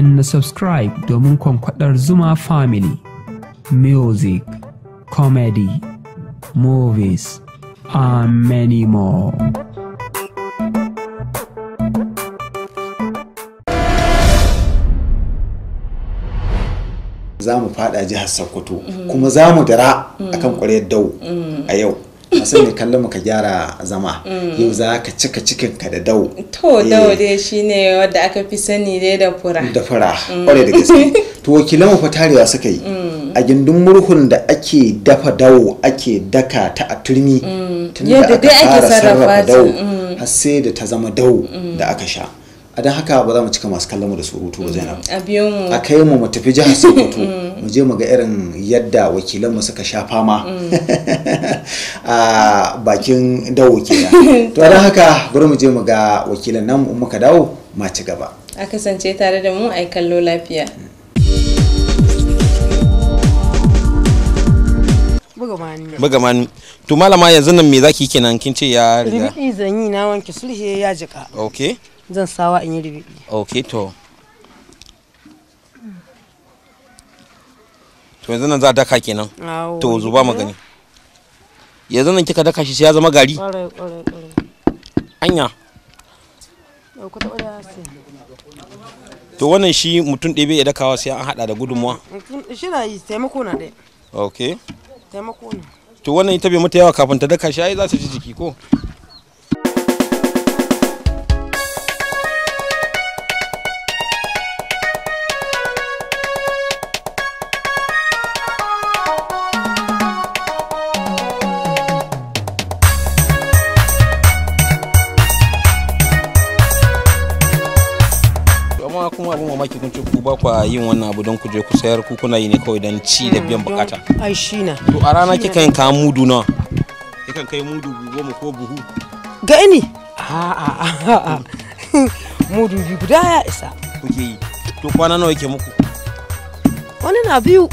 na subscribe domin kwankwadar Zuma Family. Music, comedy, movies, and many more. Za mu fada jihar Sokoto, kuma za mu dara akan kwarar dau a yau. a mai kallon mu ka gyara zama mm. yau za ka cika cikin ka da dau to dau eh. dai shine wanda aka fi sani dai da fura da fura kware mm. da gaske to wakilan mu fa tarewa suka yi mm. a gindin murhun da ake dafa dawu ake daka ta a turmi tun da aka fara sarrafa dau har sai da ta zama dau da aka sha a don haka ba za mu cika masu kallon mu da surutu ba zainab a kai mu mu tafi jihar sokoto mm. mu je mu ga irin yadda wakilanmu suka sha fama mm. a bakin dawo kenan to a don haka bari mu je mu ga wakilan nan mu muka dawo ma ci gaba a kasance tare da mu ai kallo lafiya bugamani to malama yanzu nan me zaki kenan kin ce ya riga ribi zanyi na wanke sulhe ya jika okay zan sawa in yi ribi ok to to yanzu nan za a daka kenan to zuba magani eh? yanzu nan kika daka shi sai ya zama gari anya to wannan shi mutum ɗebe ya dakawa sai an haɗa da gudunmuwa shi na yi taimako na ɗaya ok taimako na to wannan ita bai mata yawa kafin ta daka shi ai za ta ji jiki ko kuma abin mamaki kun ce ku ba kwa yin wannan abu don ku je ku sayar ku kuna yi ne kawai don ci da mm, biyan bukata ai shi na to a rana kika yin kayan mudu nawa kikan kai mudu goma ko buhu ga ini. a a mudu bi guda ya isa kuke yi to kwana nawa yake muku wani na biyu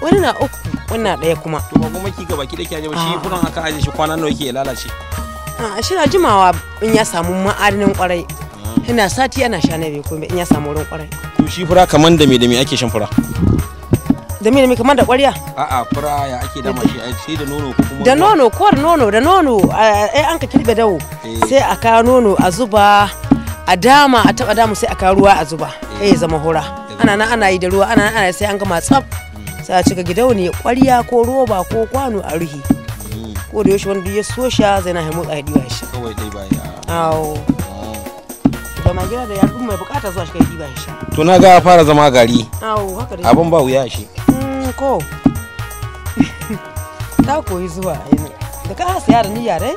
wani na uku wani na ɗaya kuma to ba goma ki gaba ki da ke ajiye ba shi furan aka ajiye shi kwana nawa yake lalace a shi na jimawa in ya samu ma'adinin kwarai ina sati ana sha na kuma in ya samu wurin kwarai to shi fura kaman da me da me ake shan fura da me da me kaman da kwarya a'a fura ya ake dama shi ai sai da nono ko kuma da nono ko nono da nono ai an ka kirbe dawo eh. sai a nono a zuba a dama a taba damu sai a ruwa a zuba eh zama hura ana nan ana yi da ruwa ana nan ana sai an gama tsaf mm. sai a cika gidauni kwarya ko roba ko kwano a ruhi mm. ko da yaushe wanda ya so sha zai na haimu a haɗiwa shi kawai dai ba ya awo da mai gida da yaro mai bukata zuwa shi kai shi to na ga fara zama gari abin ba wuya shi mm, ko ta koyi zuwa yanzu eh, da ka siya da niyya dai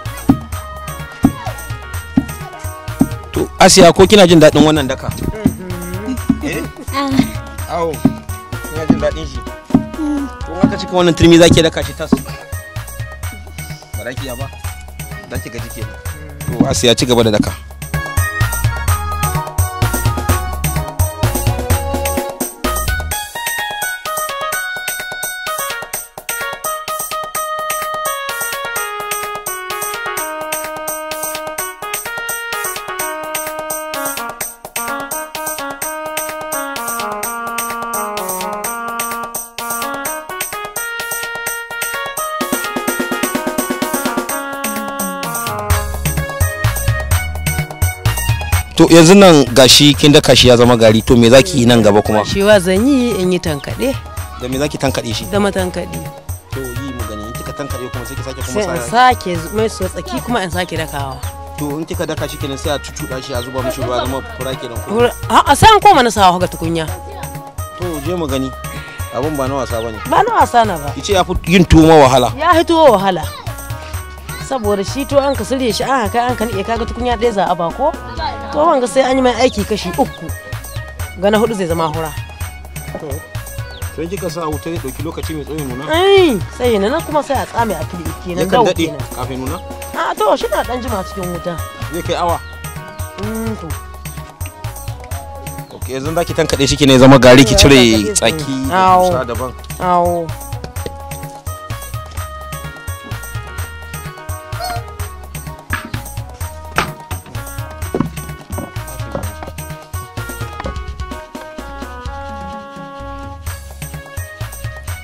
to asiya ko kina jin daɗin wannan daka mm-hmm. eh awo ah. kina jin daɗin shi to haka cika wannan turmi zaki daka shi tas ba za ki ya ba za ki gaji kenan to asiya ci gaba da daka to yanzu nan gashi kin daka shi ya zama gari to me zaki yi nan gaba kuma shi wa zan yi in yi tankade da me zaki tankade shi zama tankade. to yi mu gani in kika tankade kuma sai ki sake kuma sai sake mai so tsaki kuma in sake dakawa to in kika daka shi kenan sai a cucuɗa shi a zuba mishi ruwa zama fura kenan ko a sai an koma na sawa ga tukunya to je mu gani abun ba na wasa bane ba na wasa na ba kice ya fi yin tuwo wahala ya fi tuwo wahala saboda shi to an ka sirye shi an kai an ka niƙe kaga tukunya ɗaya za a ba ko to wanga sai an yi mai aiki kashi uku ga na hudu zai zama hura sai kika sa wuta ya dauki lokaci mai tsayi nuna ai sai na kuma sai a tsame a fili nan dawo kenan kafin nuna a to shi na dan jima cikin wuta zai kai awa mm, to ok yanzu zaki tankaɗe shi ne zama gari ki cire tsaki da daban awo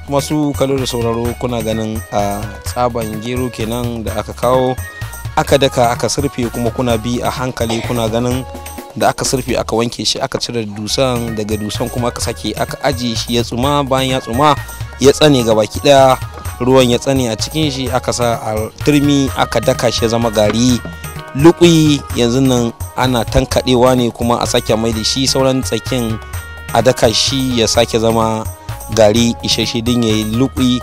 masu kalo da sauraro kuna ganin a tsaban gero kenan da aka kawo aka daka aka surfe kuma kuna bi a hankali kuna ganin da aka surfe aka wanke shi aka cire dusan daga dusan kuma aka sake aka ajiye shi ya tsuma bayan ya tsuma ya tsane ga baki daya ruwan ya tsane a cikin shi aka sa a turmi aka daka shi ya zama gari lukui yanzu nan ana tankadewa ne kuma a sake mai da shi sauran tsakin a daka shi ya sake zama gari isheshe din ya yi lukui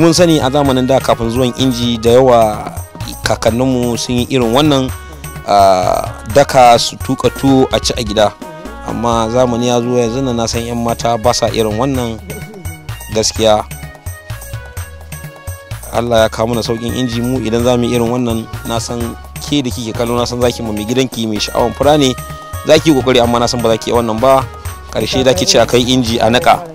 mun sani a zamanin da kafin zuwan inji da yawa kakanninmu sun yi irin wannan daka su tuka tuwo a ci a gida amma zamani ya zo yanzu na san 'yan mata ba sa irin wannan gaskiya allah ya kawo mana saukin inji mu idan za mu irin wannan na san ke da kike kallo na san zaki mu mai gidanki mai sha'awan fura ne zaki kokari amma na san ba zaki wannan ba karshe ki ce akai inji a naka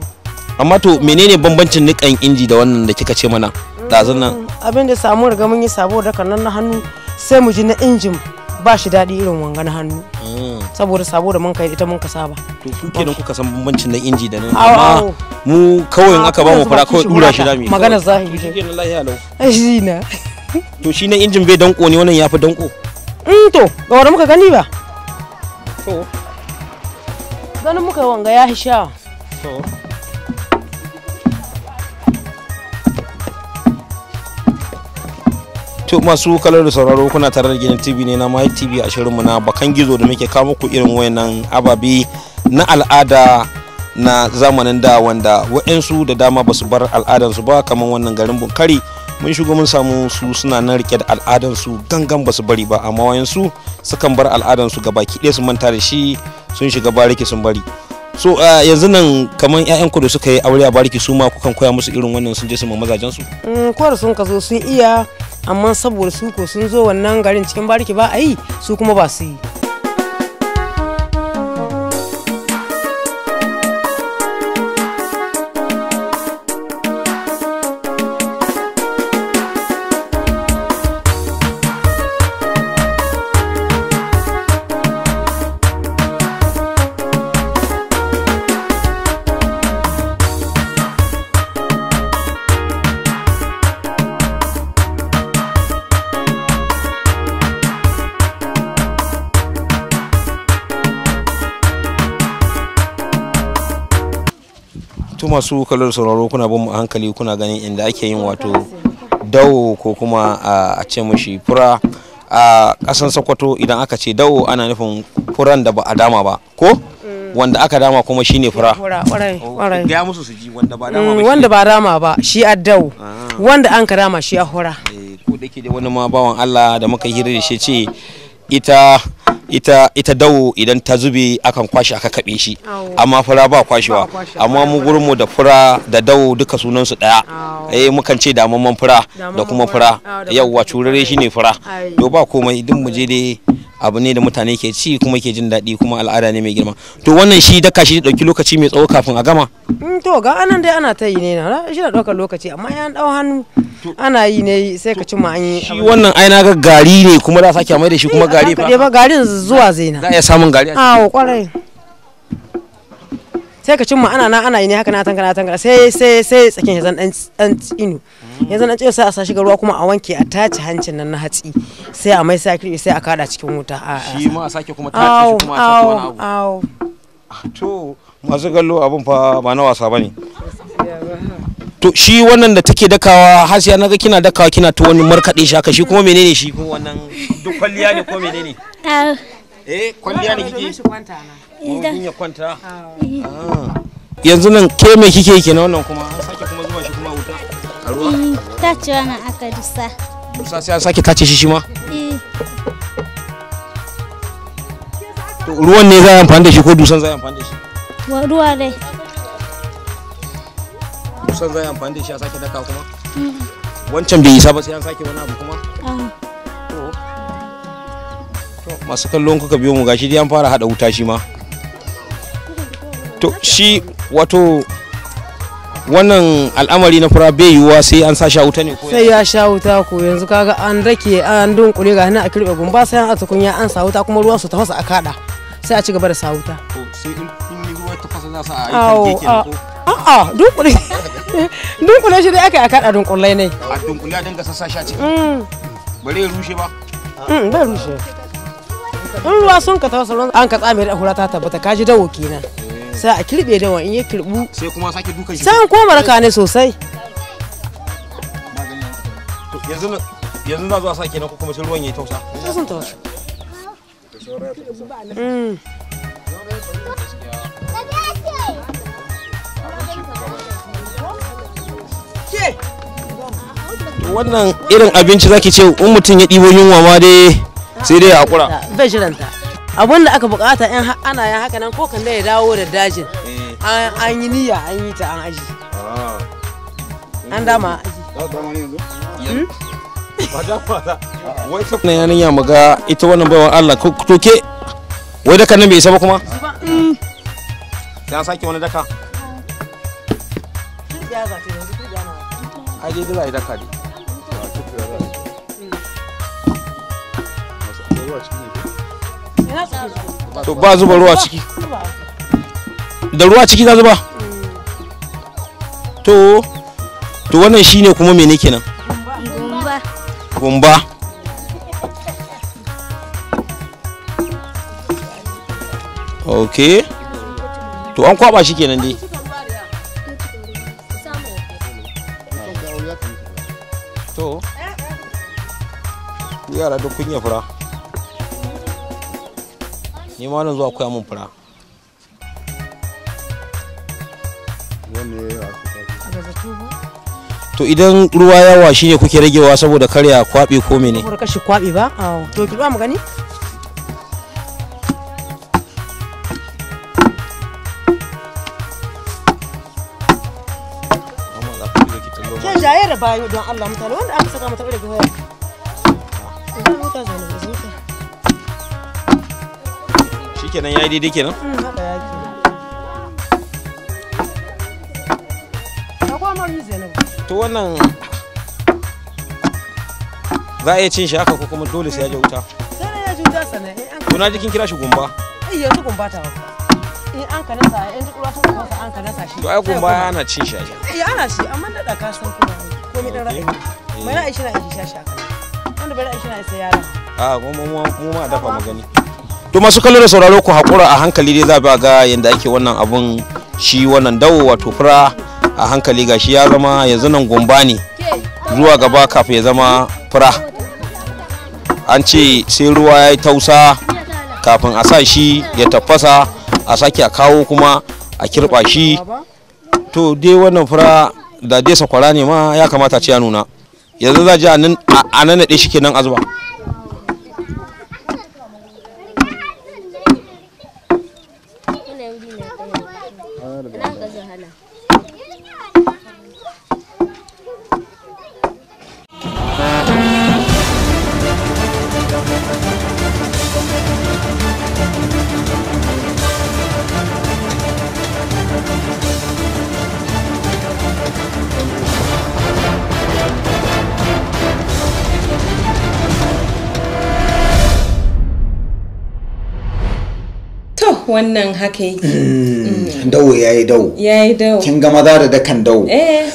amma to menene bambancin nikan inji da wannan da kika ce mana dazun nan mm, abin da samu riga mun yi sabo da kannan na hannu sai mu ji na injin ba shi daɗi irin wanga na hannu mm. saboda sabo da mun kai ita mun ka saba to ku kenan kuka san bambancin na inji da nan amma mu kawai in aka ba mu fara kawai dura shi zamu magana zahiri shi kenan lahiya lau shi na to shi na injin bai danko ne wannan yafi danko in mm, to ga wanda muka gani ba to ganin muka wanga ya sha to to masu kalar da sauraro kuna tare da gidan tv ne na mai tv a shirinmu na bakan gizo da muke kawo muku irin wayannan ababe na al'ada na zamanin da wanda wa'yansu da dama basu bar al'adansu ba kamar wannan garin bunkari mun shigo mun samu su suna nan rike da al'adansu gangan ba bari ba amma wayansu sukan bar al'adansu ga baki ɗaya su manta da shi sun shiga bariki sun bari so uh, yanzu nan kamar ƴaƴan ku da suka yi aure a bariki su ma kukan koya musu irin wannan sun je su mazajen su mm, kwar sun kaso sun iya amma saboda su ko sun zo wannan garin cikin bariki ba a yi su kuma ba su yi masu kallar sauraro kuna bin mu hankali kuna ganin inda ake yin wato dawo ko kuma a ce mushi fura a ƙasan sokoto idan aka ce dawo ana nufin furan da ba a dama ba ko mm. wanda aka dama kuma shine fura ya musu su ji wanda ba dama ba mm, wanda ba dama ba shi a dawo ah. wanda an ka dama shi a hura eh, ko da ke da wani ma bawan Allah da muka hira da shi ce ita ita ita dawo idan ta zube akan kwashi aka kaɓe shi amma fura ba kwashewa amma mu gurin mu da fura da dawo duka sunan su daya eh mukan ce da mamman fura da kuma fura yawwa curare shine fura to ba komai idan mu je dai abu ne da mutane ke ci kuma ke jin daɗi kuma al'ada ne mai girma to wannan shi daka shi ɗauki lokaci mai tsawo kafin a gama mm, to ga anan dai ana ta yi ne na shi da ɗaukar lokaci amma ya ɗau hannu ana yi ne sai ka ci ma an yi shi wannan ai ga gari ne kuma za sake mai da shi kuma eh, gari fa ba garin zuwa zaina za iya samun gari a kwarai sai ka cimma ana na ana yi ne haka na tankara tankara sai sai sai tsakin yanzu dan dan tsinu yanzu zan dan sai a sashi ga ruwa kuma a wanke a tace hancin nan na hatsi sai a mai sai a sai a kada cikin wuta a shi ma a sake kuma tace shi kuma a sake wani abu to masu gallo abun fa ba na wasa bane to shi wannan da take dakawa sai naga kina dakawa kina to wani markaɗe shi haka shi kuma menene shi kuma wannan duk kwalliya ne ko menene eh, eh kwalliya ne kike idan ya kwanta oh, ah. Ah. yanzu nan ke me kike yi kenan wannan kuma an sake kuma zuwa shi kuma wuta a ruwa eh, tace wannan aka dusa dusa sai an sake tace shi shi ma eh. to ruwan ne za a amfani da shi ko dusan za a amfani da shi ruwa dai kusan zai amfani da shi a sake daka kuma wancan bai isa ba sai an sake wani abu kuma masu kallon kuka biyo mu gashi dai an fara hada wuta shi ma to shi wato wannan al'amari na fura bai yiwuwa sai an sa sha wuta ne sai ya sha wuta ko yanzu kaga an rake an dunkule ga hana a kirbe gumba sai an a tukunya an sa wuta kuma ruwan su tafasa a kada sai a ci gaba da sa wuta to sai in ruwa tafasa za a yi karke kenan ko a'a dunkule dunkule shi dai aka yi a kaɗa dunkulai ne a dunkule a dinga sassa shi a ciki mm. bare rushe ba mm, bai rushe in ruwa sun ka tausa ruwan an ka tsame da hura ta tabbata ka ji dawo kenan sai a kirbe dawa in ya kirbu sai kuma sake duka shi sai koma raka ne sosai yanzu yanzu na zuwa sake na ko kuma sai ruwan yayi tausa sai sun tausa Mm. wannan irin abinci zaki ce in mutum ya ɗibo yunwa ma dai sai dai a kura bai abin da aka bukata in ana yan haka nan ko kan da ya dawo da dajin eh. an yi niyya an yi ta an aji ah. an dama aji hmm? wai yarinya ga ita wannan baiwan Allah ko toke wai daka nan bai isa ba kuma mm. ya sake wani daka Aje dai dai daka dai to ba zuba ruwa ciki da ruwa ciki za zuba to to wannan shine kuma mene kenan gumba gumba Okay. to an kwaba shi kenan dai to yara duk kun yi fura ni ma wannan zuwa koya mun fura to idan ruwa yawa shine kuke ragewa saboda karya kwabi ko mene saboda kashi kwabi ba to ki ruwa mu gani kan da bayo don Allah mutane wanda aka saka mata ga waya. Idan huta zane, zane. shikenan yayi daidai kenan mm, haka yake to wannan za a iya cin shi haka ko kuma dole sai ya ji wuta sai ya ji wuta sannan to na kin kira shi gumba eh yanzu gumba ta ba in an ka nasa in duk ruwa sun kuma an ka nasa shi to ai gumba yana cin shi eh yana eh. shi amma da da kasan kuma komai dan ra'ayi mai na aishi na shi shaka wanda bai ra'ayi shi na sai yara a ah, mu mu ma dafa magani to masu kallo da sauraro ku haƙura a hankali dai za a ga yadda ake wannan abun shi wannan dawo wato fura a hankali gashi ya zama yanzu nan gumba ne zuwa gaba kafin ya zama fura an ce sai ruwa ya yi tausa kafin a sa shi ya tafasa a sake a kawo kuma a kirba shi to dai wannan fura da dai sakwara ne ma ya kamata ce ya nuna yanzu za ji a nan shi kenan azuba wuri mai tsaye. Nan ga zahala. wannan haka yake mm. mm. dawo ya yi dawo ya yi dawo kin ga maza da dakan dawo eh.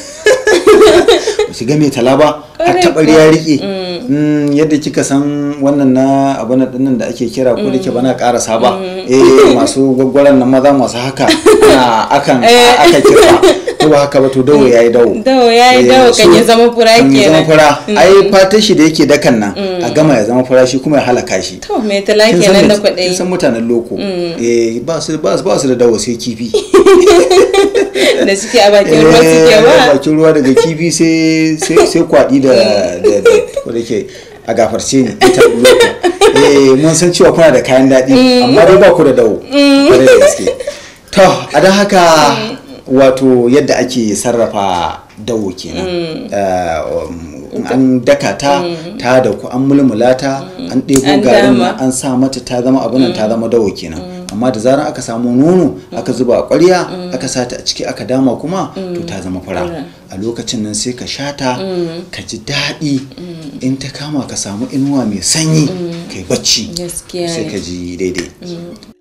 shiga mai talaba har tabar ya rike mm. yadda kika san wannan na abu na dinnan da ake kira ko da ke bana karasa ba eh masu gwaggwaran nan maza masu haka na akan eh. aka kira ko ba haka ba to dawo yayi dawo mm, dawo yayi dawo eh, kan ya zama fura kenan ya zama fura ai fatan shi da yake dakan nan mm. a gama ya zama fura shi kuma ya halaka shi to me tala kenan da kwadai kin san mutanen loko mm. eh ba su ba su ba su da dawo sai kifi da suke a bakin ruwa eh, suke ba bakin ruwa daga kifi sai sai sai kwadi da da da ke a gafarce ni ita loko eh mun san cewa kuna da kayan daɗi amma dai ba ku da dawo to a da haka wato yadda ake sarrafa dawo kenan mm. eh, um, an daka ta mm. ta da ku an mulmula ta mm. an ɗebo garin an sa mata ta zama abunan ta zama dawo kenan amma da zarar aka samu nono aka zuba kwarya ƙwarya aka sata a ciki aka dama kuma to ta zama fara a lokacin nan sai ka sha ta ka ji daɗi in ta kama ka samu inuwa mai sanyi kai bacci sai ka ji daidai